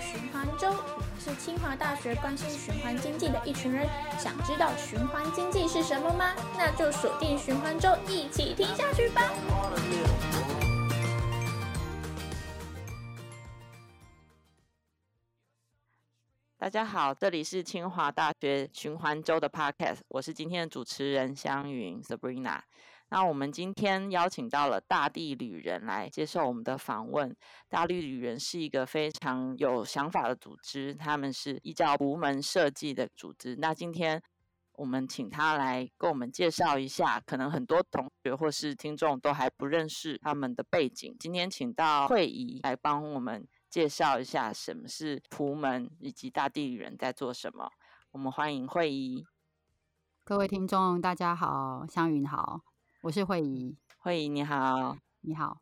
循環週是清華大學關心循環經濟的一群人。想知道循環經濟是什麼嗎？那就鎖定循環週，一起聽下去吧。大家好，這裡是清華大學循環週的 Podcast，我是今天的主持人湘芸 Sabrina。那我們今天邀請到了大地旅人來接受我們的訪問。大地旅人是一個非常有想法的組織，他們是依照樸門設計的組織。那今天我們請他來跟我們介紹一下，可能很多同學或是聽眾都還不認識他們的背景。今天請到慧儀來幫我們介紹一下什麼是樸門，以及大地旅人在做什麼。我們歡迎慧儀。各位聽眾，大家好，香云好。我是慧怡，慧怡你好，你好。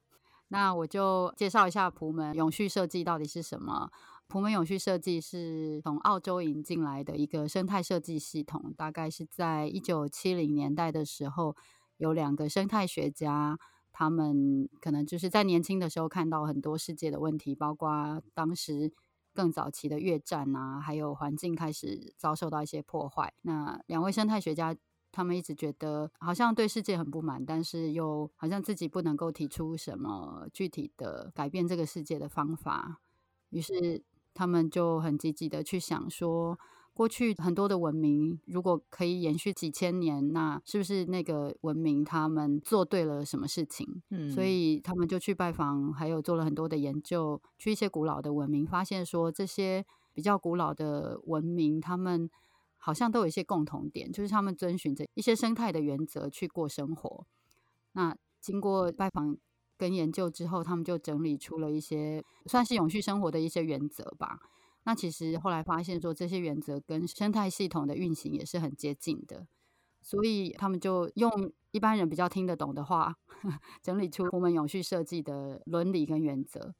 那我就介紹一下樸門永續設計到底是什麼。樸門永續設計是從澳洲引進來的一個生態設計系統，大概是在一九七零年代的時候，有兩個生態學家，他們可能就是在年輕的時候看到很多世界的問題，包括當時更早期的越戰啊，還有環境開始遭受到一些破壞。那兩位生態學家。他們一直覺得好像對世界很不滿，但是又好像自己不能夠提出什麼具體的改變這個世界的方法。於是他們就很積極的去想說，嗯。過去很多的文明如果可以延續幾千年，那是不是那個文明他們做對了什麼事情？嗯。所以他們就去拜訪，還有做了很多的研究，去一些古老的文明，發現說，這些比較古老的文明他們。好像都有一些共同點，就是他們遵循着一些生態的原則去過生活。那經過拜訪跟研究之後，他們就整理出了一些算是永續生活的一些原則吧。那其實後來發現說，這些原則跟生態系統的運行也是很接近的，所以他們就用一般人比較聽得懂的話，呵呵，整理出我們永續設計的倫理跟原則。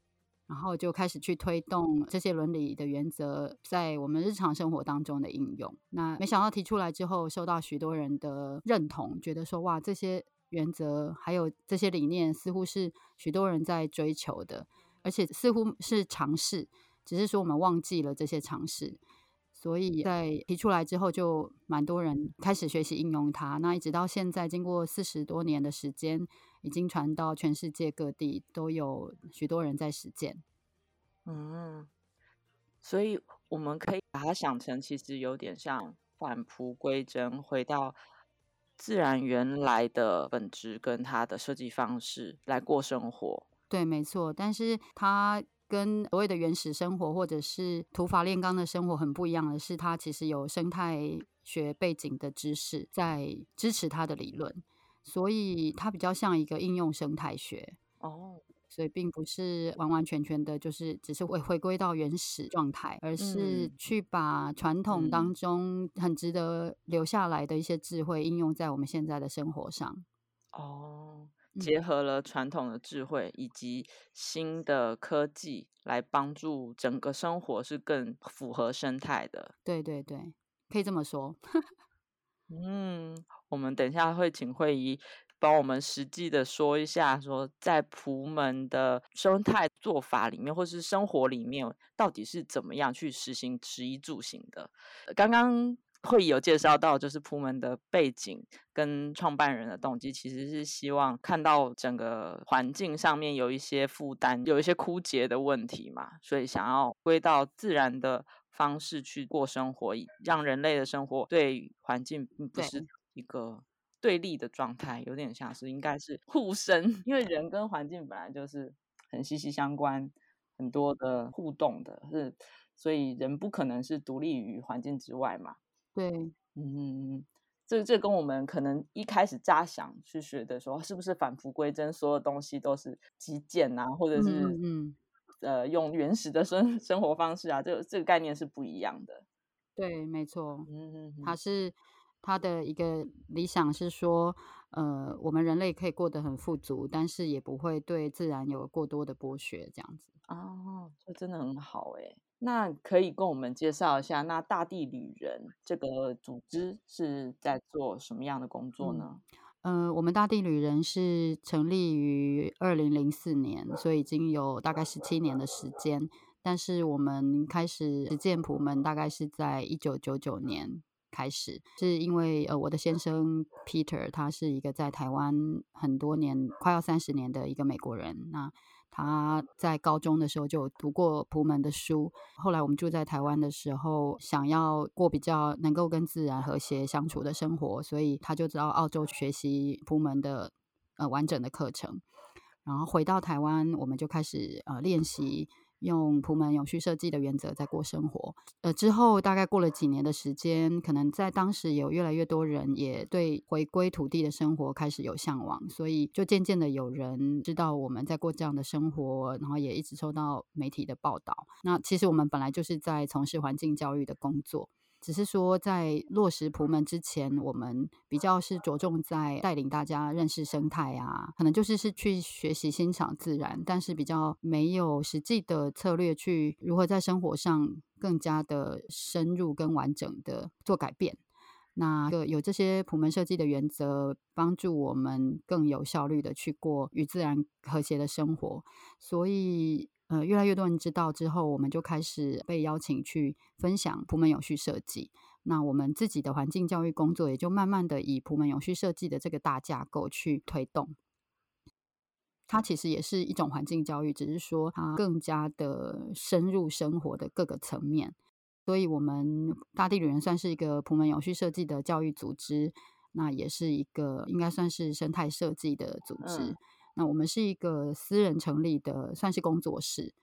然後就開始去推動這些倫理的原則在我們日常生活當中的應用。那沒想到提出來之後，受到許多人的認同，覺得說哇，這些原則還有這些理念，似乎是許多人在追求的，而且似乎是嘗試，只是說我們忘記了這些嘗試。所以在提出來之後，就蠻多人開始學習應用它。那一直到現在，經過四十多年的時間，已經傳到全世界各地，都有許多人在實踐。嗯，所以我們可以把它想成，其實有點像返璞歸真，回到自然原來的本質跟它的設計方式來過生活。對，沒錯。但是它。跟所謂的原始生活或者是土法煉鋼的生活很不一樣的是，它其實有生態學背景的知識在支持它的理論，所以它比較像一個應用生態學哦。所以並不是完完全全的就是只是會回回歸到原始狀態，而是去把傳統當中很值得留下來的一些智慧應用在我們現在的生活上哦。結合了傳統的智慧以及新的科技，來幫助整個生活是更符合生態的。對對對，可以這麼說。 嗯，我們等一下會請惠宜幫我們實際的說一下，說在樸門的生態做法裡面，或是生活裡面，到底是怎麼樣去實行食衣住行的。剛剛。會有介紹到，就是樸門的背景跟創辦人的動機，其實是希望看到整個環境上面有一些負擔，有一些枯竭的問題嘛，所以想要歸到自然的方式去過生活，讓人類的生活對環境不是一個對立的狀態，對有點像是應該是互生，因為人跟環境本來就是很息息相關，很多的互動的，是，所以人不可能是獨立於環境之外嘛。對，嗯，這這跟我們可能一開始乍想去學的時候，是不是返璞歸真，所有東西都是極簡啊，或者是，嗯嗯、呃，用原始的生生活方式啊，這個這個概念是不一樣的。對，沒錯，嗯，嗯，嗯，他是他的一個理想是說，呃，我們人類可以過得很富足，但是也不會對自然有過多的剝削，這樣子哦，這真的很好哎、欸。那可以跟我們介紹一下，那大地旅人這個組織是在做什麼樣的工作呢？嗯、呃，我們大地旅人是成立於二零零四年，所以已經有大概十七年的時間。但是我們開始實踐樸門，們大概是在一九九九年開始，是因為呃，我的先生 Peter，他是一個在台灣很多年，快要三十年的一個美國人。那他在高中的時候就讀過樸門的書，後來我們住在台灣的時候，想要過比較能夠跟自然和諧相處的生活，所以他就到澳洲學習樸門的呃完整的課程，然後回到台灣，我們就開始呃練習。用樸門永續設計的原則在過生活，呃，之後大概過了幾年的時間，可能在當時有越來越多人也對回歸土地的生活開始有向往，所以就漸漸的有人知道我們在過這樣的生活，然後也一直收到媒體的報道。那其實我們本來就是在從事環境教育的工作。只是說，在落實樸門之前，我們比較是着重在帶領大家認識生態啊，可能就是是去學習欣賞自然，但是比較沒有實際的策略去如何在生活上更加的深入跟完整的做改變。那個、有這些樸門設計的原則，幫助我們更有效率的去過與自然和諧的生活，所以。呃，越來越多人知道之後，我們就開始被邀請去分享樸門永續設計。那我們自己的環境教育工作也就慢慢的以樸門永續設計的這個大架構去推動。它其實也是一種環境教育，只是說它更加的深入生活的各個層面。所以，我們大地旅人算是一個樸門永續設計的教育組織，那也是一個應該算是生態設計的組織。嗯那我們是一個私人成立的，算是工作室，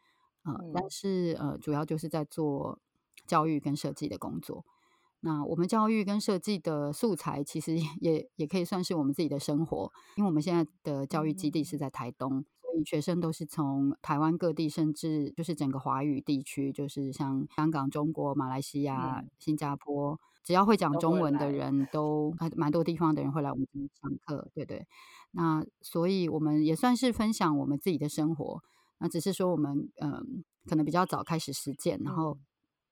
呃、嗯、但是呃，主要就是在做教育跟設計的工作。那我們教育跟設計的素材，其實也也可以算是我們自己的生活，因為我們現在的教育基地是在台東，嗯、所以學生都是從台灣各地，甚至就是整個華語地區，就是像香港、中國、馬來西亞、嗯、新加坡。只要會講中文的人都，都還蠻多地方的人會來我們這裡上課，對不對？那所以我們也算是分享我們自己的生活，那只是說我們嗯、呃，可能比較早開始實踐，嗯、然後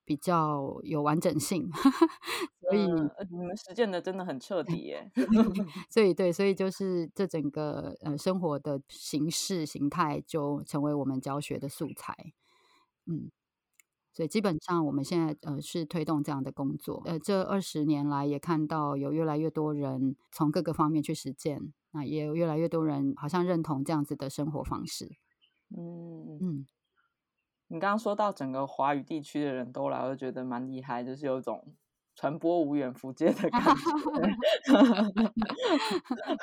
比較有完整性， 所以、嗯、你們實踐的真的很徹底耶！ 所以對，所以就是這整個呃生活的形式形態就成為我們教學的素材，嗯。對，基本上我們現在呃是推動這樣的工作，呃，這二十年來也看到有越來越多人從各個方面去實踐，那、呃、也有越來越多人好像認同這樣子的生活方式。嗯嗯，嗯，你剛剛說到整個華語地區的人都來，我覺得蠻厲害，就是有種傳播無遠弗屆的感覺。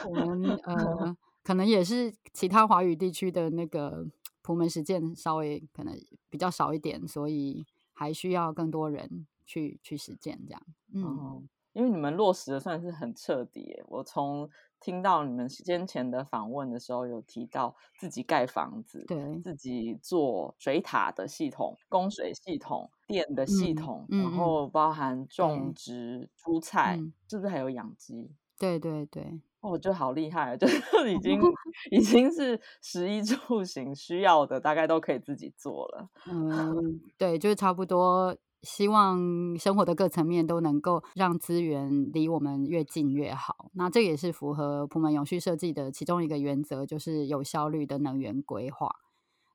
我們 呃，可能也是其他華語地區的那個。樸門實踐稍微可能比較少一點，所以還需要更多人去去實踐這樣。嗯，哦、因為你們落實的算是很徹底。我從聽到你們先前的訪問的時候，有提到自己蓋房子，對，自己做水塔的系統、供水系統、電的系統，嗯、然後包含種植蔬、嗯、菜，嗯、是不是還有養雞？對對對。我覺得好厲害，就已經 已經是食衣住行需要的大概都可以自己做了。嗯，對，就是差不多。希望生活的各層面都能夠讓資源離我們越近越好。那這也是符合樸門永續設計的其中一個原則，就是有效率的能源規劃。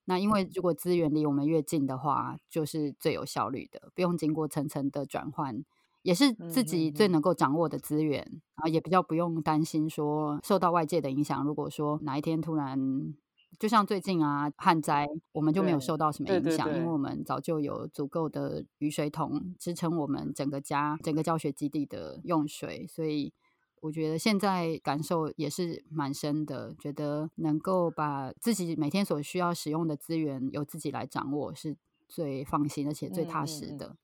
那因為如果資源離我們越近的話，就是最有效率的，不用經過層層的轉換。也是自己最能夠掌握的資源啊，嗯、哼哼，然後也比較不用擔心說受到外界的影響。如果說哪一天突然，就像最近啊，旱災，我們就沒有受到什麼影響，對對對，因為我們早就有足夠的雨水桶支撐我們整個家、整個教學基地的用水。所以我覺得現在感受也是蠻深的，覺得能夠把自己每天所需要使用的資源由自己來掌握，是最放心而且最踏實的。嗯嗯嗯。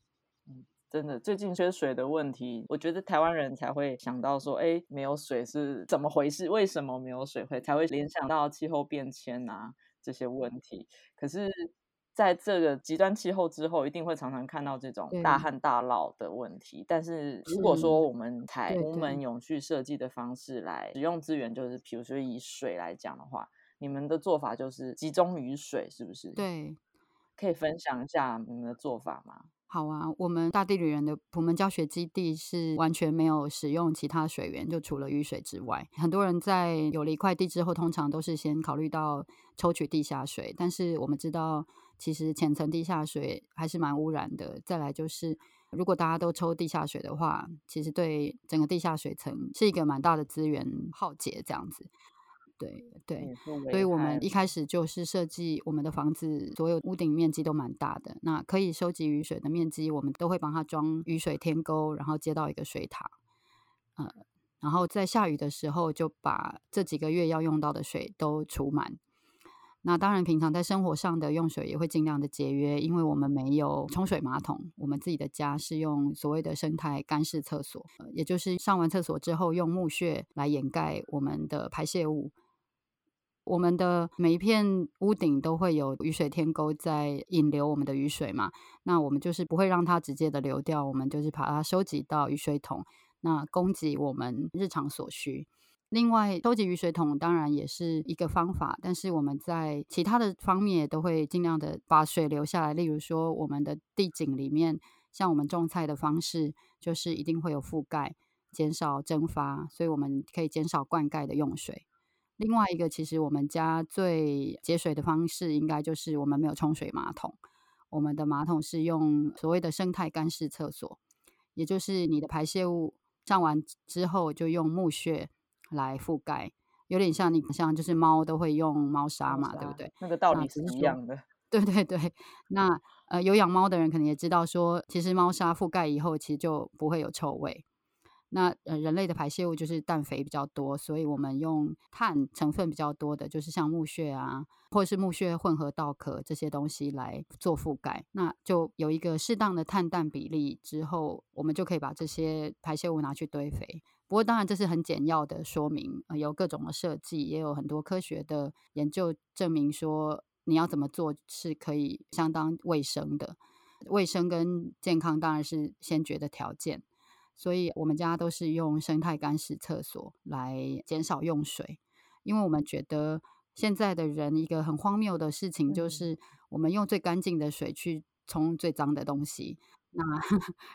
真的，最近缺水的問題，我覺得台灣人才會想到說，哎，沒有水是怎麼回事？為什麼沒有水會才會聯想到氣候變遷啊這些問題？可是，在這個極端氣候之後，一定會常常看到這種大旱大澇的問題。對但是，如果說我們樸是門永續設計的方式來使用資源，就是對對比如說以水來講的話，你們的做法就是集中於水，是不是？對，可以分享一下你們的做法嗎？好啊，我們大地旅人的樸門教學基地是完全沒有使用其他水源，就除了雨水之外。很多人在有了一塊地之後，通常都是先考慮到抽取地下水，但是我們知道，其實淺層地下水還是蠻污染的。再來就是，如果大家都抽地下水的話，其實對整個地下水層是一個蠻大的資源耗竭，這樣子。對對，對，所以我們一開始就是設計我們的房子，所有屋頂面積都蠻大的，那可以收集雨水的面積，我們都會幫他裝雨水天溝，然後接到一個水塔。呃，然後在下雨的時候，就把這幾個月要用到的水都儲滿。那當然，平常在生活上的用水也會盡量的節約，因為我們沒有沖水馬桶，我們自己的家是用所謂的生態乾式廁所，呃，也就是上完廁所之後用木屑來掩蓋我們的排泄物。我們的每一片屋頂都會有雨水天溝在引流我們的雨水嘛，那我們就是不會讓它直接的流掉，我們就是把它收集到雨水桶，那供給我們日常所需。另外，收集雨水桶當然也是一個方法，但是我們在其他的方面都會儘量的把水留下來。例如說，我們的地景裡面，像我們種菜的方式，就是一定會有覆蓋，減少蒸發，所以我們可以減少灌溉的用水。另外一個，其實我們家最節水的方式，應該就是我們沒有沖水馬桶，我們的馬桶是用所謂的生態乾式廁所，也就是你的排泄物上完之後，就用木屑來覆蓋，有點像你像就是貓都會用貓砂嘛，砂，對不對？那個道理是一樣的。對對對，那呃有養貓的人可能也知道說，說其實貓砂覆蓋以後，其實就不會有臭味。那呃，人類的排泄物就是氮肥比較多，所以我們用碳成分比較多的，就是像木屑啊，或者是木屑混合稻殼這些東西來做覆蓋，那就有一個適當的碳氮比例之後，我們就可以把這些排泄物拿去堆肥。不過當然這是很簡要的說明，有各種的設計，也有很多科學的研究證明說你要怎麼做是可以相當衛生的，衛生跟健康當然是先決的條件。所以，我們家都是用生態乾式廁所來減少用水，因為我們覺得現在的人一個很荒謬的事情，就是我們用最乾淨的水去沖最髒的東西，那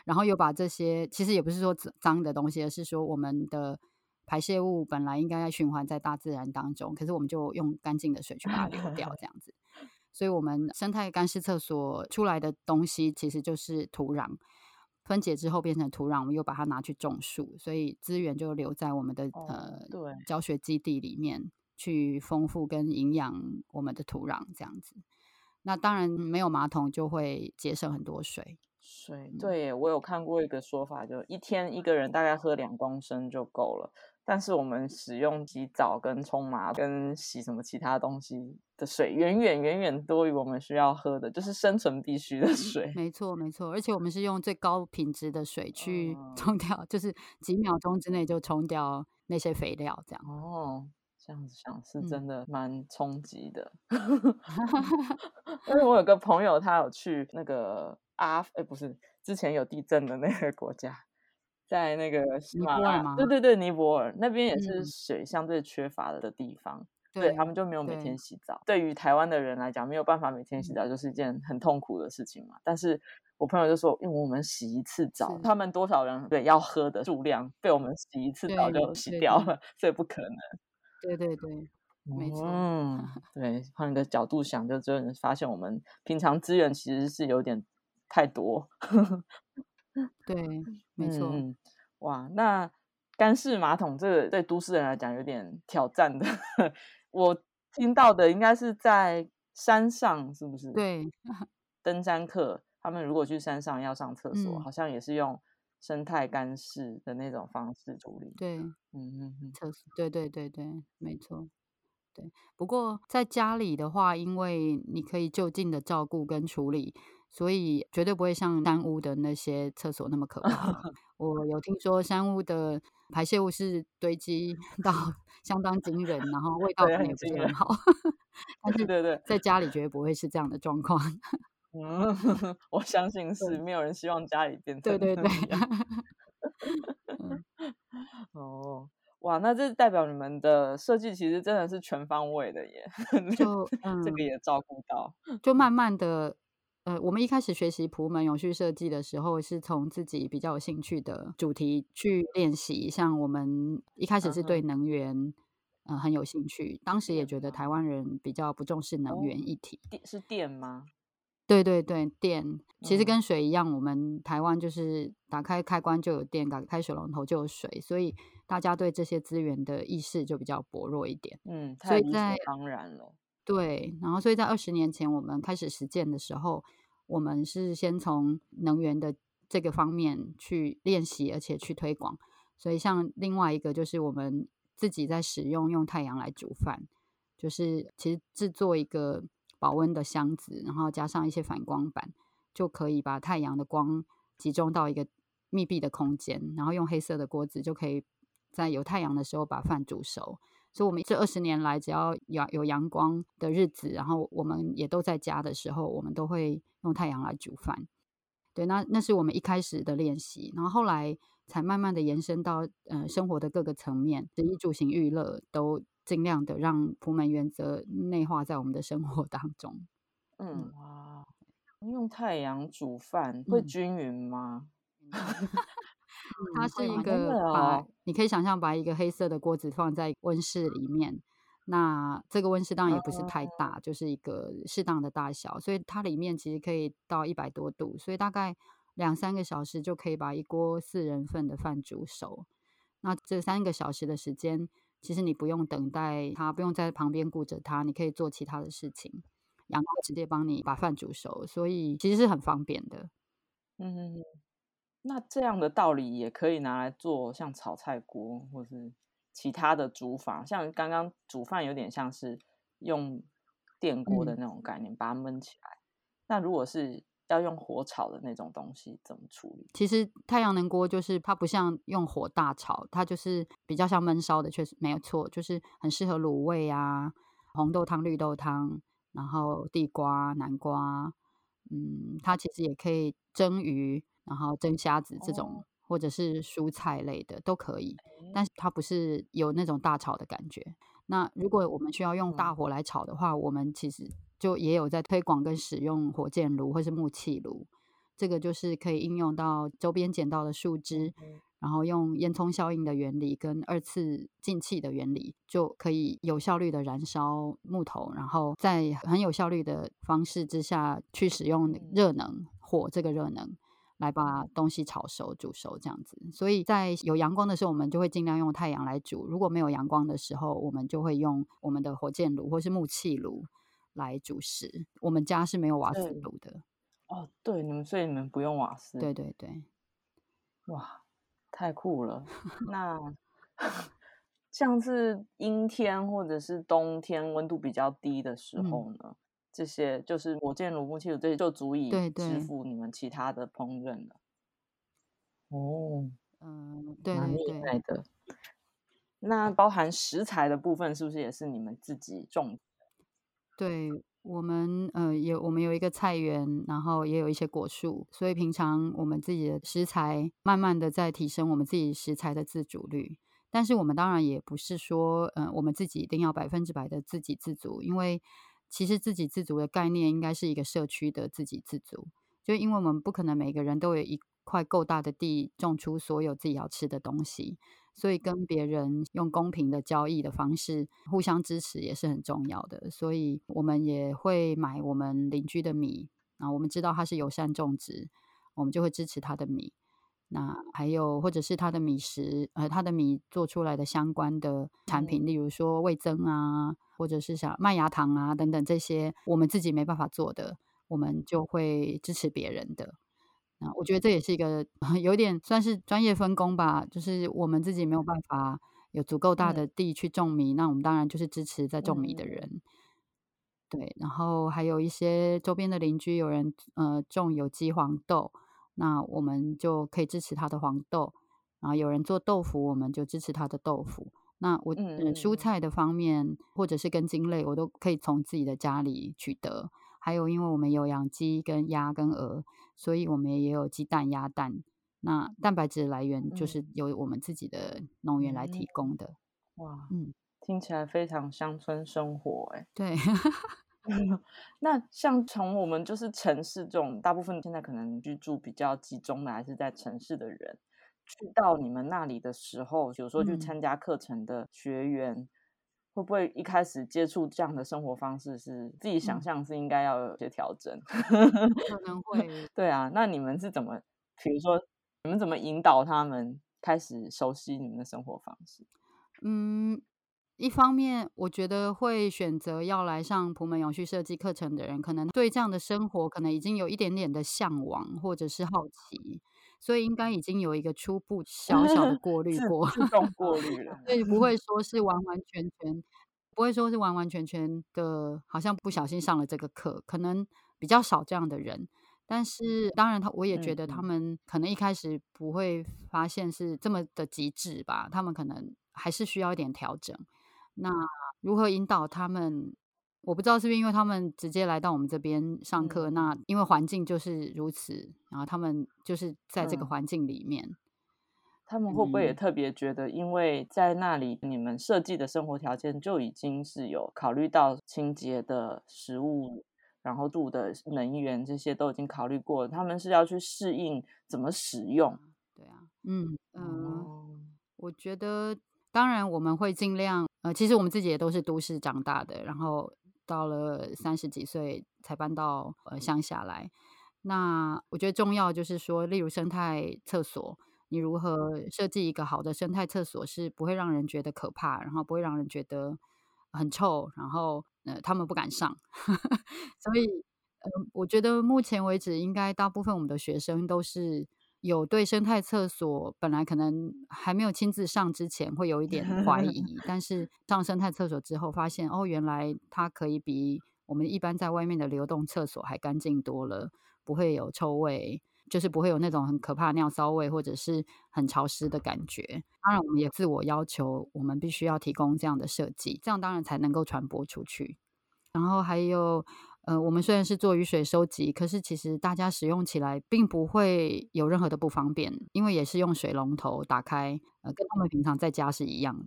然後又把這些其實也不是說髒髒的東西，而是說我們的排泄物本來應該要循環在大自然當中，可是我們就用乾淨的水去把它流掉，這樣子。所以，我們生態乾式廁所出來的東西其實就是土壤。分解之後變成土壤，我們又把它拿去種樹，所以資源就留在我們的、哦、對呃教學基地裡面，去豐富跟營養我們的土壤這樣子。那當然沒有馬桶就會節省很多水水。對、嗯、我有看過一個說法，就一天一個人大概喝兩公升就夠了。但是我們使用洗澡，跟沖馬桶，跟洗什麼其他東西的水，遠遠遠遠多於我們需要喝的，就是生存必需的水。沒錯，沒錯。而且我們是用最高品質的水去沖掉，嗯、就是幾秒鐘之內就沖掉那些肥料，這樣。哦，這樣子想是真的蠻衝擊的。因為、嗯、 我有個朋友，他有去那個阿，哎、欸，不是，之前有地震的那個國家。在那個喜馬拉雅，尼泊爾嗎？對對對，尼泊爾那邊也是水相對缺乏的地方，對、嗯、他們就沒有每天洗澡。對，對，對於台灣的人來講，沒有辦法每天洗澡，嗯、就是一件很痛苦的事情嘛。但是我朋友就說，因、嗯、為我們洗一次澡，是他們多少人對要喝的數量被我們洗一次澡就洗掉了，對對對，所以不可能。對對對，沒錯。嗯、對，換一個角度想，就就能發現我們平常資源其實是有點太多。 對，沒錯。嗯、哇，那乾式馬桶這個對都市人來講有點挑戰的。 我聽到的應該是在山上，是不是？對，登山客，他們如果去山上要上廁所，嗯、好像也是用生態乾式的那種方式處理。對，嗯嗯嗯。廁所，對對對對，沒錯。對，不過在家裡的話，因為你可以就近的照顧跟處理。所以絕對不會像山屋的那些廁所那麼可怕。我有聽說山屋的排泄物是堆積到相當驚人，然後味道也不太好。對對對，在家裡絕對不會是這樣的狀況，嗯。我相信是沒有人希望家裡變成這樣。對對對。哦，哇，那這代表你們的設計其實真的是全方位的耶，就這個也照顧到就，嗯，就慢慢的。呃，我們一開始學習樸門永續設計的時候，是從自己比較有興趣的主題去練習。像我們一開始是對能源，嗯、呃，很有興趣。當時也覺得台灣人比較不重視能源議題。哦、電是電嗎？對對對，電、嗯、其實跟水一樣，我們台灣就是打開開關就有電，打開水龍頭就有水，所以大家對這些資源的意識就比較薄弱一點。嗯，太理所當然了。對，然後所以在二十年前我們開始實踐的時候，我們是先從能源的這個方面去練習，而且去推廣。所以像另外一個就是我們自己在使用用太陽來煮飯，就是其實製作一個保溫的箱子，然後加上一些反光板，就可以把太陽的光集中到一個密閉的空間，然後用黑色的鍋子就可以在有太陽的時候把飯煮熟。所以，我們這二十年來，只要有有陽光的日子，然後我們也都在家的時候，我們都會用太陽來煮飯。對，那那是我們一開始的練習，然後後來才慢慢的延伸到、呃、生活的各個層面，食、衣、住、行、育、樂都盡量的讓樸門原則內化在我們的生活當中。嗯，哇，用太陽煮飯會均勻嗎？嗯 它是一個，把你可以想象把一個黑色的鍋子放在溫室裡面，那這個溫室當然也不是太大，就是一個適當的大小，所以它裡面其實可以到一百多度，所以大概兩三個小時就可以把一鍋四人份的飯煮熟。那這三個小時的時間，其實你不用等待它，不用在旁邊顧着它，你可以做其他的事情，陽光直接幫你把飯煮熟，所以其實是很方便的嗯。嗯。嗯那這樣的道理也可以拿來做，像炒菜鍋或是其他的煮法，像剛剛煮飯有點像是用電鍋的那種概念，嗯、把它燜起來。那如果是要用火炒的那種東西，怎麼處理？其實太陽能鍋就是它不像用火大炒，它就是比較像燜燒的。確實沒有錯，就是很適合滷味啊、紅豆湯、綠豆湯，然後地瓜、南瓜，嗯，它其實也可以蒸魚。然後蒸蝦子這種，哦、或者是蔬菜類的都可以，但是它不是有那種大炒的感覺。那如果我們需要用大火來炒的話，嗯、我們其實就也有在推廣跟使用火箭爐或是木氣爐。這個就是可以應用到周邊撿到的樹枝，嗯、然後用煙囪效應的原理跟二次進氣的原理，就可以有效率的燃燒木頭，然後在很有效率的方式之下去使用熱能、嗯、火這個熱能。來把東西炒熟、煮熟這樣子，所以在有陽光的時候，我們就會盡量用太陽來煮；如果沒有陽光的時候，我們就會用我們的火箭爐或是木器爐來煮食。我們家是沒有瓦斯爐的哦，對，你們所以你們不用瓦斯，對對對，哇，太酷了！ 那像是陰天或者是冬天溫度比較低的時候呢？嗯這些就是磨劍爐木器，這些就足以支付你們其他的烹飪了。對對哦，嗯，對，對，對，那包含食材的部分，是不是也是你們自己種的？對我們，呃，也我們有一個菜園，然後也有一些果樹，所以平常我們自己的食材慢慢的在提升我們自己食材的自主率。但是我們當然也不是說，嗯、呃，我們自己一定要百分之百的自給自足，因為。其實自給自足的概念應該是一個社區的自給自足，就因為我們不可能每個人都有一塊夠大的地種出所有自己要吃的東西，所以跟別人用公平的交易的方式互相支持也是很重要的。所以我們也會買我們鄰居的米，那我們知道他是友善種植，我們就會支持他的米。那還有或者是他的米食，呃，他的米做出來的相關的產品，例如說味噌啊。或者是像麥芽糖啊等等這些，我們自己沒辦法做的，我們就會支持別人的。那我覺得這也是一個有點算是專業分工吧，就是我們自己沒有辦法有足夠大的地去種米，那我們當然就是支持在種米的人。對，然後還有一些周邊的鄰居，有人呃種有機黃豆，那我們就可以支持他的黃豆，然後有人做豆腐，我們就支持他的豆腐。那我、嗯、蔬菜的方面，嗯、或者是根莖類，我都可以從自己的家裡取得。還有，因為我們有養雞、跟鴨、跟鵝，所以我們也有雞蛋、鴨蛋。那蛋白質來源就是由我們自己的農園來提供的。嗯嗯、哇，嗯，聽起來非常鄉村生活哎、欸。對。 那像從我們就是城市這種大部分現在可能居住比較集中的，還是在城市的人。去到你們那裡的時候，有時候去參加課程的學員，嗯、會不會一開始接觸這樣的生活方式是，是自己想象，是應該要有些調整？嗯、 可能會。對啊，那你們是怎麼，比如說你們怎麼引導他們開始熟悉你們的生活方式？嗯，一方面我覺得會選擇要來上樸門永續設計課程的人，可能對這樣的生活可能已經有一點點的向往或者是好奇。所以應該已經有一個初步小小的過濾過， 自動過濾了， 所以不會說是完完全全， 不會說是完完全全的，好像不小心上了這個課，可能比較少這樣的人。但是當然，他我也覺得他們可能一開始不會發現是這麼的極緻吧，他們可能還是需要一點調整。那如何引導他們？我不知道是不是因為他們直接來到我們這邊上課，嗯、那因為環境就是如此，然後他們就是在這個環境裡面，嗯、他們會不會也特別覺得，因為在那裡你們設計的生活條件就已經是有考慮到清潔的食物，然後住的能源這些都已經考慮過了，他們是要去適應怎麼使用？對啊、嗯，嗯、呃、嗯，我覺得當然我們會盡量，呃，其實我們自己也都是都市長大的，然後。到了三十幾歲才搬到呃鄉下來，那我覺得重要就是說，例如生態廁所，你如何設計一個好的生態廁所，是不會讓人覺得可怕，然後不會讓人覺得很臭，然後，呃，他們不敢上。 所以，呃，我覺得目前為止，應該大部分我們的學生都是。有對生態廁所，本來可能還沒有親自上之前，會有一點懷疑。 但是上生態廁所之後，發現哦，原來它可以比我們一般在外面的流動廁所還乾淨多了，不會有臭味，就是不會有那種很可怕的尿騷味，或者是很潮濕的感覺。當然，我們也自我要求，我們必須要提供這樣的設計，這樣當然才能夠傳播出去。然後還有。呃，我們雖然是做雨水收集，可是其實大家使用起來並不會有任何的不方便，因為也是用水龍頭打開，呃，跟他們平常在家是一樣的。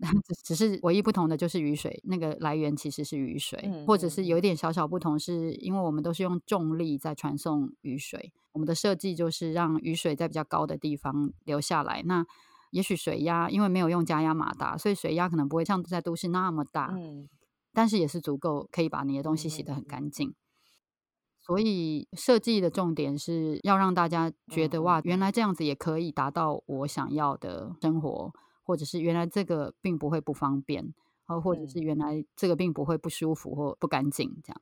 那只是唯一不同的就是雨水那個來源其實是雨水，嗯、或者是有點小小不同，是因為我們都是用重力在傳送雨水。我們的設計就是讓雨水在比較高的地方流下來。那也許水壓，因為沒有用加壓馬達，所以水壓可能不會像在都市那麼大。嗯但是也是足夠可以把你的東西洗得很乾淨，所以設計的重點是要讓大家覺得哇，原來這樣子也可以達到我想要的生活，或者是原來這個並不會不方便，然後，或者是原來這個並不會不舒服或不乾淨這樣。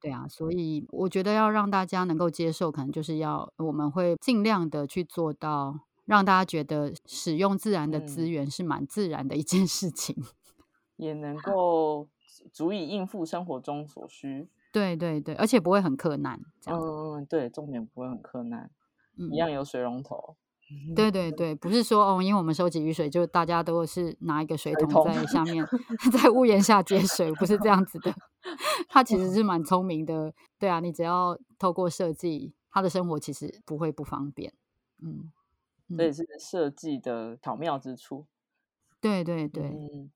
對啊，所以我覺得要讓大家能夠接受，可能就是要我們會盡量的去做到讓大家覺得使用自然的資源是蠻自然的一件事情，也能夠。足以應付生活中所需，對對對，而且不會很克難。這樣嗯，對，重點不會很克難，嗯、一樣有水龍頭。對對對，不是說哦，因為我們收集雨水，就大家都是拿一個水桶在下面，桶 在屋檐下接水，不是這樣子的。他其實是蠻聰明的，嗯、對啊，你只要透過設計，他的生活其實不會不方便。嗯，這、嗯、也是設計的巧妙之處。對對對，嗯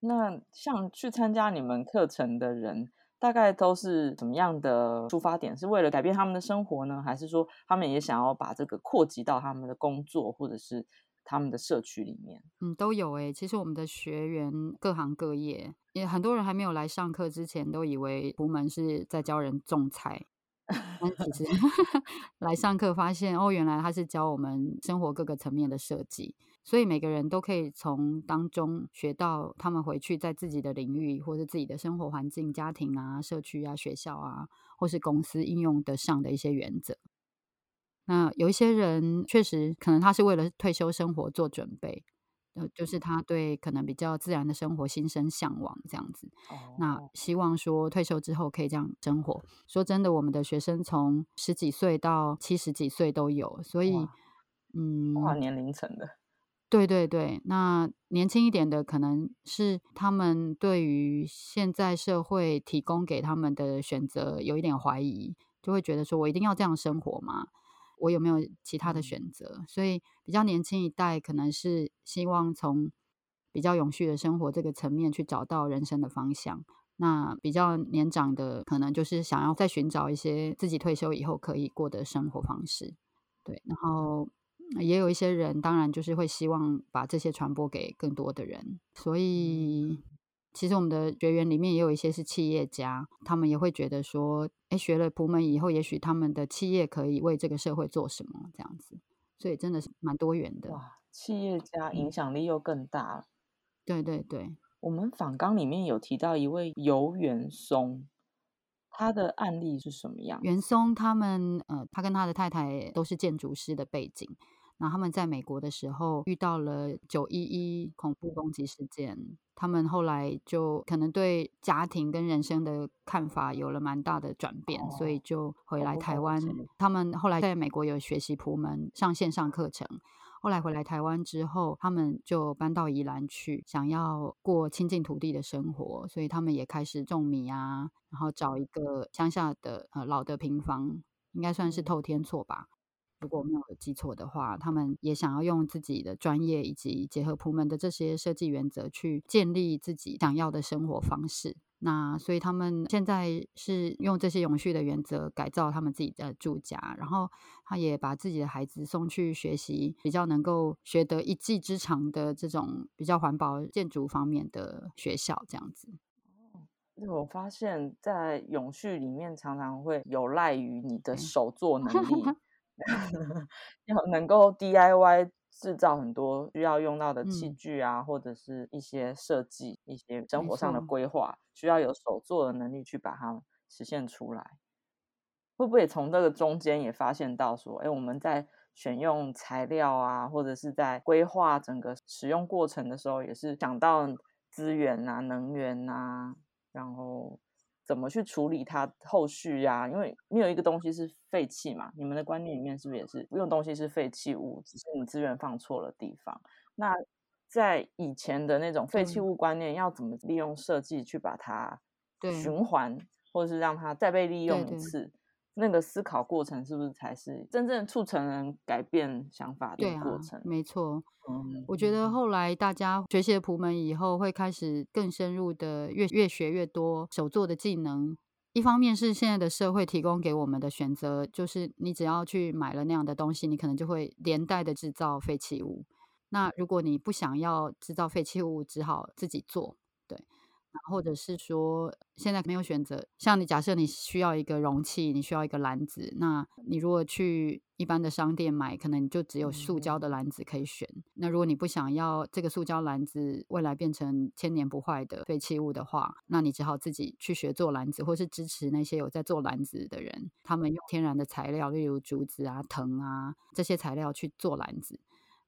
那像去參加你們課程的人，大概都是怎麼樣的出發點？是為了改變他們的生活呢，還是說他們也想要把這個擴及到他們的工作或者是他們的社區裡面？嗯，都有誒、欸。其實我們的學員各行各業，也很多人還沒有來上課之前都以為樸門是在教人種菜， 但其實 來上課發現哦，原來他是教我們生活各個層面的設計。所以每個人都可以從當中學到，他們回去在自己的領域或者自己的生活環境、家庭啊、社區啊、學校啊，或是公司應用得上的一些原則。那有一些人確實可能他是為了退休生活做準備，就是他對可能比較自然的生活心生向往，這樣子。那希望說退休之後可以這樣生活。說真的，我們的學生從十幾歲到七十幾歲都有，所以哇嗯，跨年齡層的。對對對，那年輕一點的可能是他們對於現在社會提供給他們的選擇有一點懷疑，就會覺得說，我一定要這樣生活嗎？我有沒有其他的選擇？所以比較年輕一代可能是希望從比較永續的生活這個層面去找到人生的方向。那比較年長的可能就是想要再尋找一些自己退休以後可以過的生活方式。對，然後。也有一些人，當然就是會希望把這些傳播給更多的人，所以其實我們的學員裡面也有一些是企業家，他們也會覺得說，誒學了樸門以後，也許他們的企業可以為這個社會做什麼這樣子，所以真的是蠻多元的。哇，企業家影響力又更大了。嗯、對對對，我們訪綱裡面有提到一位游元松，他的案例是什麼樣？元松他們呃，他跟他的太太都是建築師的背景。然後他們在美國的時候遇到了九一一恐怖攻擊事件，他們後來就可能對家庭跟人生的看法有了蠻大的轉變，oh, 所以就回來台灣。Oh, okay. 他們後來在美國有學習樸門上線上課程，後來回來台灣之後，他們就搬到宜蘭去，想要過親近土地的生活，所以他們也開始種米啊，然後找一個鄉下的呃老的平房，應該算是透天厝吧。嗯如果沒有記錯的話，他們也想要用自己的專業以及結合樸門的這些設計原則，去建立自己想要的生活方式。那所以他們現在是用這些永續的原則改造他們自己的住家，然後他也把自己的孩子送去學習比較能夠學得一技之長的這種比較環保建築方面的學校。這樣子。哦，這我發現在永續裡面常常會有賴於你的手作能力。 要 能夠 DIY 製造很多需要用到的器具啊，嗯、或者是一些設計、嗯、一些生活上的規劃，沒錯。需要有手做的能力去把它實現出來會不會從這個中間也發現到說，誒，我們在選用材料啊，或者是在規劃整個使用過程的時候，也是想到資源啊、能源啊，然後。怎麼去處理它後續呀、啊？因為沒有一個東西是廢棄嘛，你們的觀念裡面是不是也是沒有東西是廢棄物，只是你們資源放錯了地方？那在以前的那種廢棄物觀念，嗯、要怎麼利用設計去把它循環，對或者是讓它再被利用一次？對對那個思考過程是不是才是真正促成人改變想法的過程？對啊，沒錯。嗯，我覺得後來大家學習了樸門以後，會開始更深入的越，越越學越多手做的技能。一方面是現在的社會提供給我們的選擇，就是你只要去買了那樣的東西，你可能就會連帶的制造廢棄物。那如果你不想要制造廢棄物，只好自己做。或者是說，現在沒有選擇。像你假設你需要一個容器，你需要一個籃子，那你如果去一般的商店買，可能你就只有塑膠的籃子可以選。嗯。那如果你不想要這個塑膠籃子未來變成千年不壞的廢棄物的話，那你只好自己去學做籃子，或是支持那些有在做籃子的人，他們用天然的材料，例如竹子啊、藤啊這些材料去做籃子。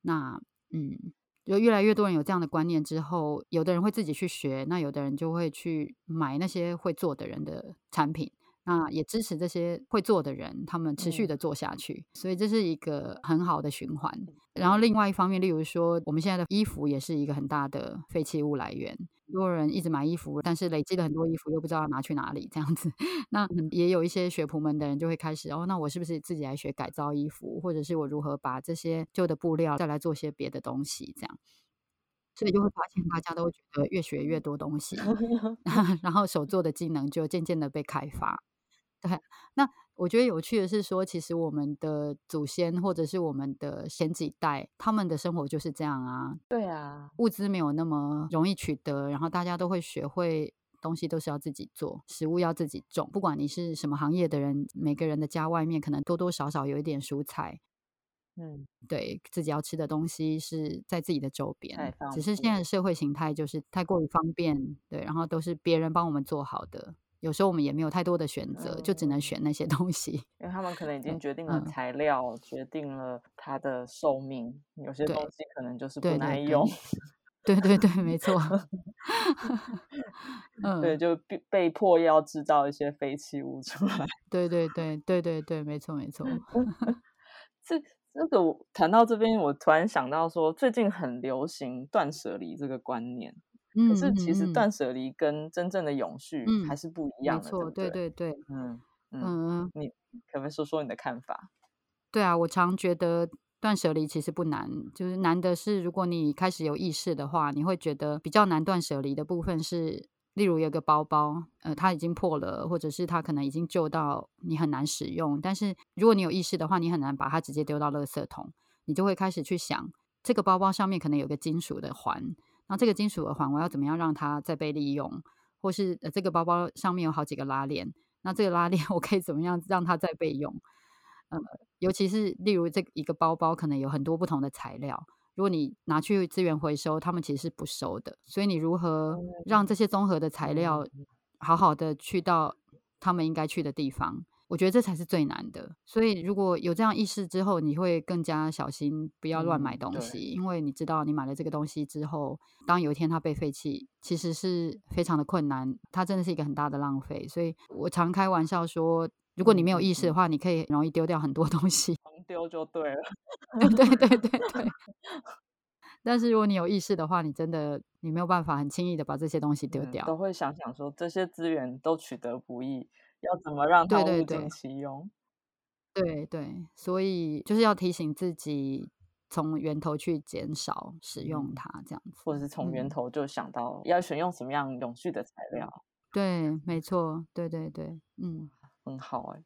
那，嗯。就越來越多人有這樣的觀念之後，有的人會自己去學，那有的人就會去買那些會做的人的產品，那也支持這些會做的人，他們持續的做下去，嗯、所以這是一個很好的循環。然後另外一方面，例如說，我們現在的衣服也是一個很大的廢棄物來源。很多人一直買衣服，但是累積了很多衣服，又不知道要拿去哪裡，這樣子。那也有一些學樸門的人就會開始，哦，那我是不是自己來學改造衣服，或者是我如何把這些舊的布料再來做些別的東西，這樣。所以就會發現，大家都會覺得越學越多東西， 然後手做的技能就漸漸的被開發。對、啊，那。我覺得有趣的是說，說其實我們的祖先或者是我們的前幾代，他們的生活就是這樣啊。對啊，物資沒有那麼容易取得，然後大家都會學會東西都是要自己做，食物要自己種。不管你是什麼行業的人，每個人的家外面可能多多少少有一點蔬菜。嗯，對，自己要吃的東西是在自己的周邊，只是現在社會形態就是太過於方便，對，然後都是別人幫我們做好的。有時候我們也沒有太多的選擇，嗯、就只能選那些東西，因為他們可能已經決定了材料，嗯、決定了它的壽命。嗯、有些東西可能就是不耐用。對對對，沒錯。嗯， 對，就被被迫要製造一些廢棄物出來。對對對對對對，沒錯沒錯。 這這個我談到這邊，我突然想到說，最近很流行斷舍離這個觀念。可是其實斷捨離跟真正的永續還是不一樣的，沒錯，對對對，嗯嗯，嗯，你可不可以說說你的看法？對啊，我常覺得斷捨離其實不難，就是難的是如果你開始有意識的話，你會覺得比較難斷捨離的部分是，例如有個包包，呃，它已經破了，或者是它可能已經舊到你很難使用。但是如果你有意識的話，你很難把它直接丟到垃圾桶，你就會開始去想這個包包上面可能有個金屬的環。那這個金屬耳環，我要怎麼樣讓它再被利用？或是，呃，這個包包上面有好幾個拉鏈，那這個拉鏈我可以怎麼樣讓它再備用？嗯、呃，尤其是例如這一個包包，可能有很多不同的材料。如果你拿去資源回收，他們其實是不收的。所以你如何讓這些綜合的材料好好的去到他們應該去的地方？我覺得這才是最難的，所以如果有這樣意識之後，你會更加小心，不要亂買東西，嗯、因為你知道你買了這個東西之後，當有一天它被廢棄，其實是非常的困難，它真的是一個很大的浪費。所以我常開玩笑說，如果你沒有意識的話，嗯、你可以容易丟掉很多東西，能丟就對了。 對對對對。 但是如果你有意識的話，你真的你沒有辦法很輕易的把這些東西丟掉，嗯、都會想想說這些資源都取得不易。要怎麼讓他物盡其用？對對對，對對，所以就是要提醒自己，從源頭去減少使用它，嗯、這樣子，或者是從源頭就想到要選用什麼樣永續的材料。嗯、對，沒錯，對對對，嗯，很好、欸。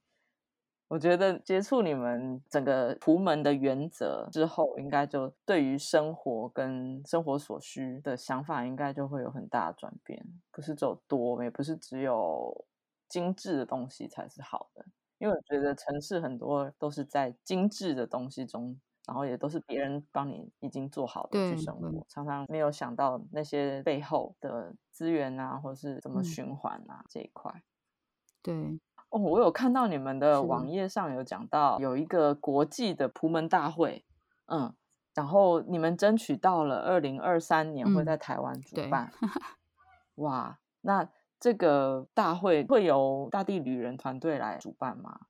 我覺得接觸你們整個樸門的原則之後，應該就對於生活跟生活所需的想法，應該就會有很大的轉變，不是只有多，也不是只有。精緻的東西才是好的，因為我覺得城市很多都是在精緻的東西中，然後也都是別人幫你已經做好的去生活，對常常沒有想到那些背後的資源啊，或是怎麼循環啊、嗯、這一塊。對哦，我有看到你們的網頁上有講到有一個國際的樸門大會，的嗯，然後你們爭取到了二零二三年會在台灣主辦，嗯、 哇，那。這個大會會由大地旅人團隊來主辦嗎？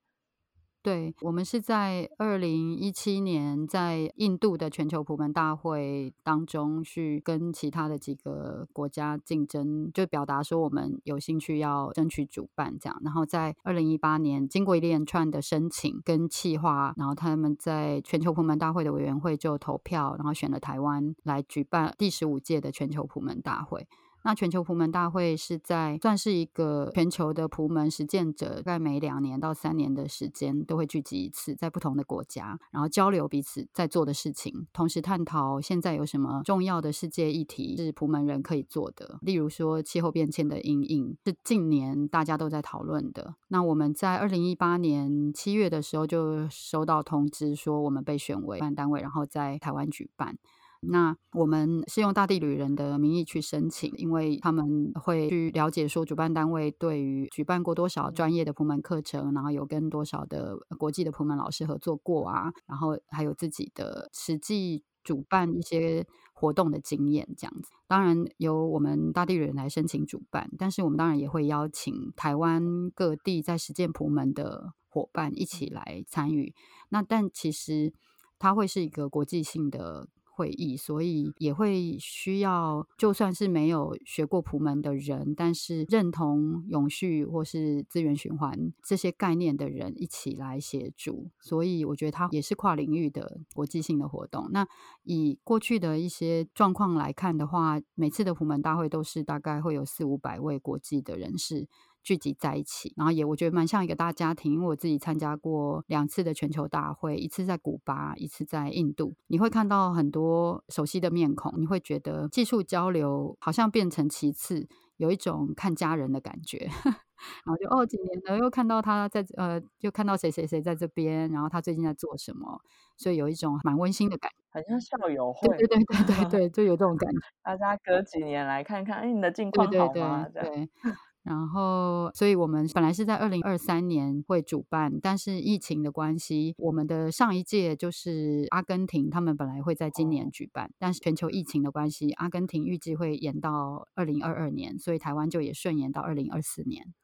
對，我們是在二零一七年在印度的全球樸門大會當中去跟其他的幾個國家競爭，就表達說我們有興趣要爭取主辦這樣。然後在二零一八年經過一連串的申請跟企劃，然後他們在全球樸門大會的委員會就投票，然後選了台灣來舉辦第十五屆的全球樸門大會。那全球樸門大會是在算是一個全球的樸門實踐者，大概每兩年到三年的時間都會聚集一次，在不同的國家，然後交流彼此在做的事情，同時探討現在有什麼重要的世界議題是樸門人可以做的。例如說，氣候變遷的因應是近年大家都在討論的。那我們在二零一八年七月的時候就收到通知說，我們被選為主辦單位，然後在台灣舉辦。那我們是用大地旅人的名義去申請，因為他們會去了解說，主辦單位對於舉辦過多少專業的樸門課程，然後有跟多少的國際的樸門老師合作過啊，然後還有自己的實際主辦一些活動的經驗這樣子。當然由我們大地旅人來申請主辦，但是我們當然也會邀請台灣各地在實踐樸門的夥伴一起來參與。那但其實它會是一個國際性的。會議，所以也會需要，就算是沒有學過樸門的人，但是認同永續或是資源循環這些概念的人，一起來協助。所以我覺得它也是跨領域的國際性的活動。那以過去的一些狀況來看的話，每次的樸門大會都是大概會有四五百位國際的人士，聚集在一起，然後也我覺得蠻像一個大家庭，因為我自己參加過兩次的全球大會，一次在古巴，一次在印度。你會看到很多熟悉的面孔，你會覺得技術交流好像變成其次，有一種看家人的感覺。 然後就哦，幾年了又看到他在呃，就看到誰誰誰在這邊，然後他最近在做什麼，所以有一種蠻溫馨的感覺，好像校友會，對對，對對對對對， 就有這種感覺，大家隔幾年來看看，哎，你的近況好嗎？對，對，對，對。對然後，所以我們本來是在二零二三年會主辦，但是疫情的關係，我們的上一屆就是阿根廷，他們本來會在今年舉辦，但是全球疫情的關係，阿根廷預計會延到二零二二年，所以台灣就也順延到二零二四年。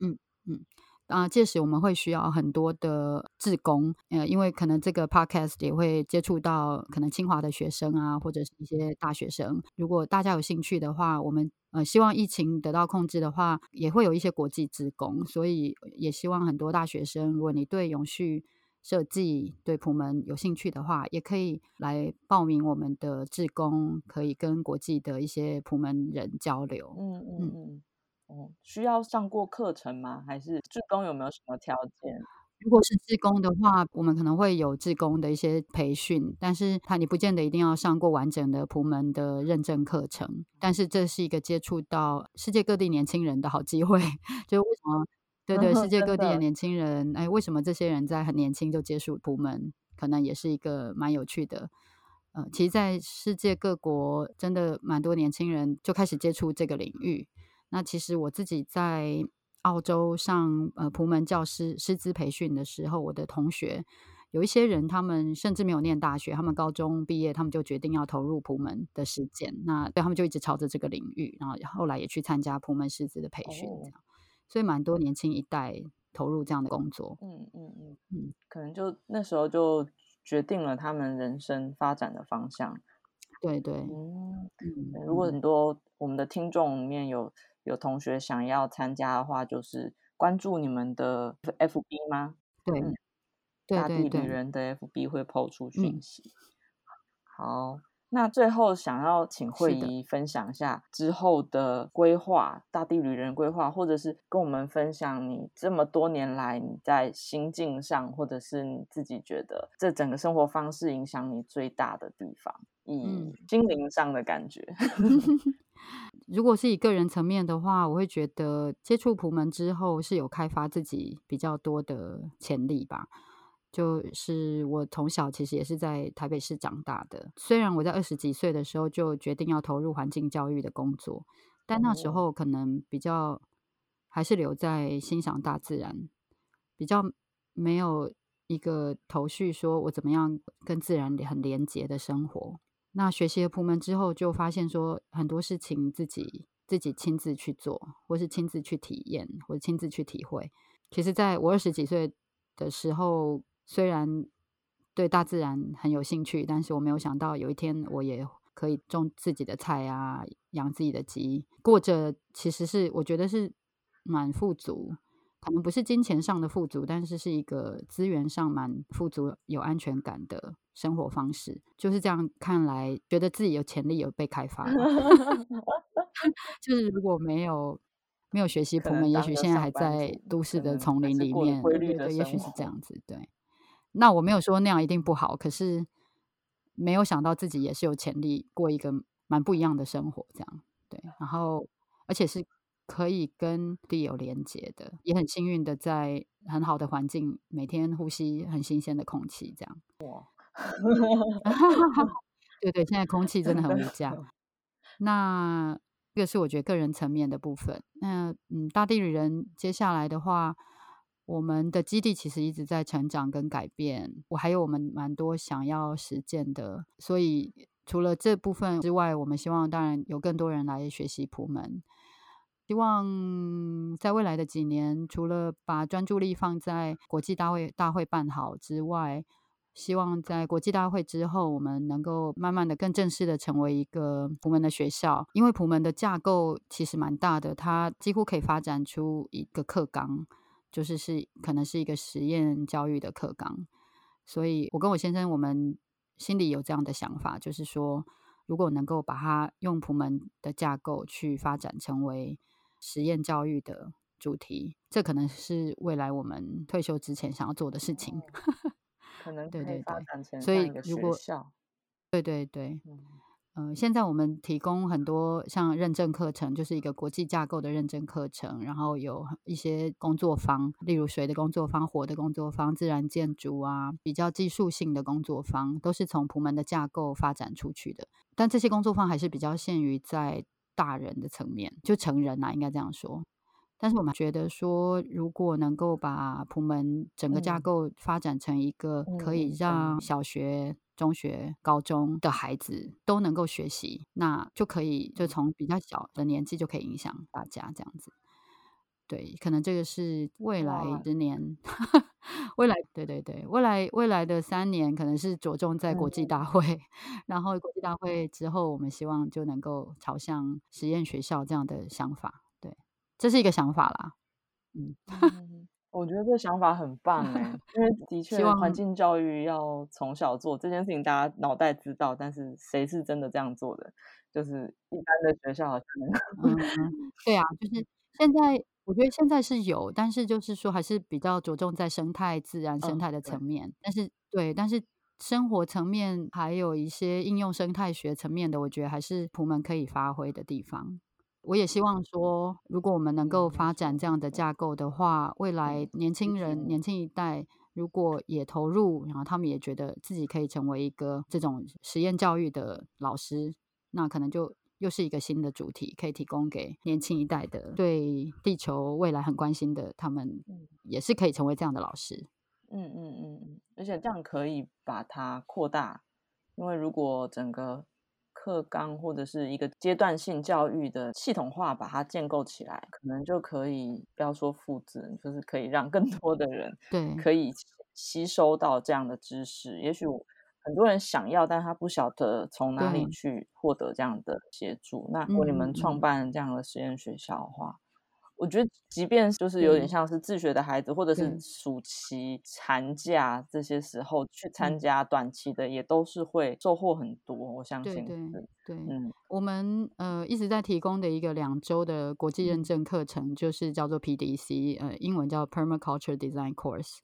嗯嗯啊，屆時我們會需要很多的志工，呃，因為可能這個 podcast 也會接觸到可能清華的學生啊，或者是一些大學生。如果大家有興趣的話，我們。呃，希望疫情得到控制的話，也會有一些國際志工，所以也希望很多大學生，如果你對永續設計、對樸門有興趣的話，也可以來報名我們的志工，可以跟國際的一些樸門人交流。嗯嗯嗯嗯，嗯嗯需要上過課程嗎？還是志工有沒有什麼條件？如果是志工的話，我們可能會有志工的一些培訓，但是怕你不見得一定要上過完整的樸門的認證課程。但是這是一個接觸到世界各地年輕人的好機會，就為什麼對對，嗯、哼世界各地的年輕人，的哎，為什麼這些人在很年輕就接觸樸門，可能也是一個蠻有趣的。呃，其實，在世界各國真的蠻多年輕人就開始接觸這個領域。那其實我自己在。澳洲上呃樸門教師師資培訓的時候，我的同學有一些人，他們甚至沒有念大學，他們高中畢業，他們就決定要投入樸門的時間，那對他們就一直朝着這個領域，然後後來也去參加樸門師資的培訓，哦、所以蠻多年輕一代投入這樣的工作。嗯嗯嗯嗯，嗯嗯嗯可能就那時候就決定了他們人生發展的方向。對，對對。嗯嗯、如果很多我們的聽眾裡面有。有同學想要參加的話，就是關注你們的 FB 嗎？對，嗯、對大地旅人的 FB 會拋出訊息。嗯、好，那最後想要請惠儀分享一下之後的規劃，的大地旅人規劃，或者是跟我們分享你這麼多年來你在心境上，或者是你自己覺得這整個生活方式影響你最大的地方，嗯，心靈上的感覺。嗯 如果是以個人層面的話，我會覺得接觸樸門之後是有開發自己比較多的潛力吧。就是我從小其實也是在台北市長大的，雖然我在二十幾歲的時候就決定要投入環境教育的工作，但那時候可能比較還是留在欣賞大自然，比較沒有一個頭緒，說我怎麼樣跟自然很連結的生活。那學習了樸門之後，就發現說很多事情自己自己親自去做，或是親自去體驗，或是親自去體會。其實，在我二十幾歲的時候，雖然對大自然很有興趣，但是我沒有想到有一天我也可以種自己的菜啊，養自己的雞，過着其實是我覺得是蠻富足。可能不是金錢上的富足，但是是一個資源上蠻富足、有安全感的生活方式，就是這樣看來，覺得自己有潛力，有被開發。 就是如果沒有沒有學習樸門，也許現在還在都市的叢林裡面，對，對，也許是這樣子。對，那我沒有說那樣一定不好，可是沒有想到自己也是有潛力過一個蠻不一樣的生活，這樣對。然後，而且是。可以跟地有連接的，也很幸運的在很好的環境，每天呼吸很新鮮的空氣，這樣。哇，Wow. 對對，現在空氣真的很無價。 那這個是我覺得個人層面的部分。那嗯，大地旅人接下來的話，我們的基地其實一直在成長跟改變，我還有我們蠻多想要實踐的。所以除了這部分之外，我們希望當然有更多人來學習樸門。希望在未來的幾年，除了把專注力放在國際大會大會辦好之外，希望在國際大會之後，我們能夠慢慢的更正式的成為一個樸門的學校。因為樸門的架構其實蠻大的，它幾乎可以發展出一個課綱，就是是可能是一個實驗教育的課綱。所以，我跟我先生我們心裡有這樣的想法，就是說，如果能夠把它用樸門的架構去發展成為。實驗教育的主題，這可能是未來我們退休之前想要做的事情。 嗯、可能可對,對對對，所以如果對對對，嗯、呃，現在我們提供很多像認證課程，就是一個國際架構的認證課程，然後有一些工作坊，例如水的工作坊、火的工作坊、自然建築啊，比較技術性的工作坊，都是從樸門的架構發展出去的。但這些工作坊還是比較限於在。大人的層面，就成人啦、啊，應該這樣說。但是我們覺得說，如果能夠把樸門整個架構發展成一個可以讓小學、中學、高中的孩子都能夠學習，那就可以就從比較小的年紀就可以影響大家這樣子。對，可能這個是未來十年，啊、 未來對對對，未來未來的三年可能是着重在國際大會，嗯、然後國際大會之後，我們希望就能夠朝向實驗學校這樣的想法。對，這是一個想法啦。嗯，嗯我覺得這個想法很棒哎，嗯、因為的確環境教育要從小做希望這件事情，大家腦袋知道，但是誰是真的這樣做的？就是一般的學校好像…… 嗯，對啊，就是現在。我覺得現在是有，但是就是說還是比較着重在生態、自然生態的層面。嗯、但是對，但是生活層面還有一些應用生態學層面的，我覺得還是樸門可以發揮的地方。我也希望說，如果我們能夠發展這樣的架構的話，未來年輕人、年輕一代如果也投入，然後他們也覺得自己可以成為一個這種實驗教育的老師，那可能就。又是一個新的主題，可以提供給年輕一代的，對地球未來很關心的，他們也是可以成為這樣的老師。嗯嗯嗯嗯，而且這樣可以把它擴大，因為如果整個課綱或者是一個階段性教育的系統化，把它建構起來，可能就可以不要說複製，就是可以讓更多的人對可以吸收到這樣的知識。對也許我很多人想要，但他不曉得從哪裡去獲得這樣的協助。對那如果你們創辦這樣的實驗學校的話，嗯、我覺得，即便就是有點像是自學的孩子，對或者是暑期、寒假這些時候，對去參加短期的，嗯、也都是會收穫很多。我相信，對對對，對嗯，我們呃一直在提供的一個兩周的國際認證課程，就是叫做 PDC，呃，英文叫 Permaculture Design Course。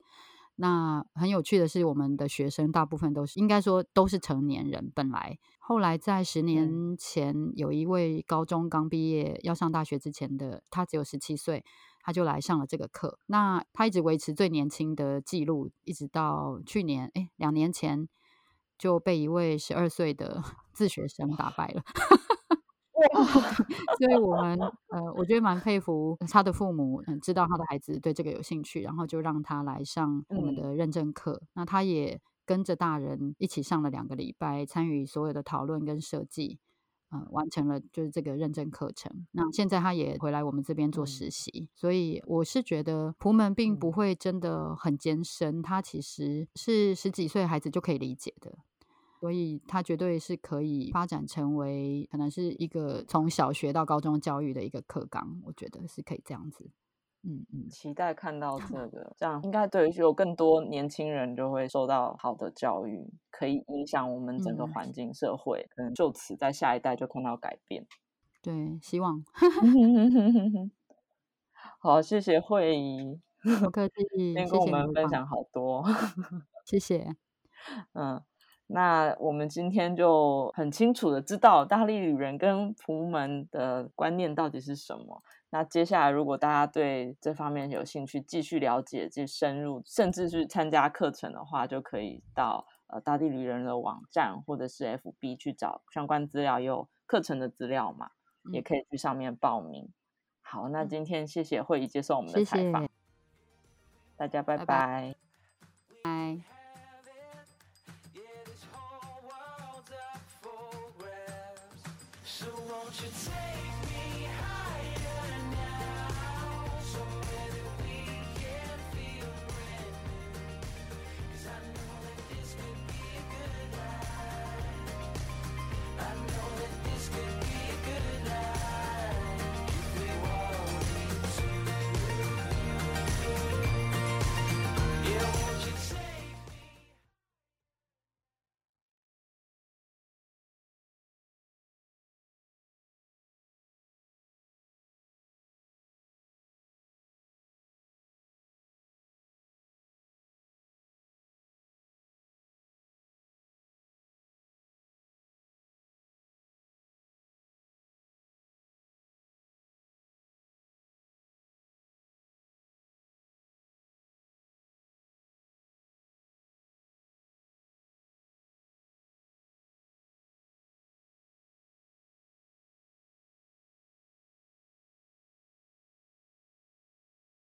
那很有趣的是，我們的學生大部分都是應該說都是成年人。本來後來在十年前，有一位高中剛畢業要上大學之前的他只有十七歲，他就來上了這個課。那他一直維持最年輕的記錄，一直到去年，哎，兩年前就被一位十二歲的自學生打敗了。哇 對， 所以我們呃，我覺得蠻佩服他的父母，嗯，知道他的孩子對這個有興趣，然後就讓他來上我們的認證課。嗯、那他也跟着大人一起上了兩個禮拜，參與所有的討論跟設計，嗯、呃，完成了就是這個認證課程。那現在他也回來我們這邊做實習，嗯、所以我是覺得樸門並不會真的很艱深，他其實是十幾歲孩子就可以理解的。所以他絕對是可以發展成為，可能是一個從小學到高中教育的一個課綱，我覺得是可以這樣子。嗯嗯，期待看到這個，這樣應該對於有更多年輕人就會受到好的教育，可以影響我們整個環境社會，可能、嗯嗯、就此在下一代就看到改變。對，希望。 好，謝謝慧儀，我可以先跟我們分享好多，謝謝， 嗯。那我們今天就很清楚的知道大地旅人跟樸門的觀念到底是什麼。那接下來，如果大家對這方面有興趣，繼續了解、繼續深入，甚至去參加課程的話，就可以到呃大地旅人的網站或者是 FB 去找相關資料，也有課程的資料嘛，嗯、也可以去上面報名。好，嗯、那今天謝謝慧儀接受我們的採訪，謝謝大家拜拜，拜、拜。拜拜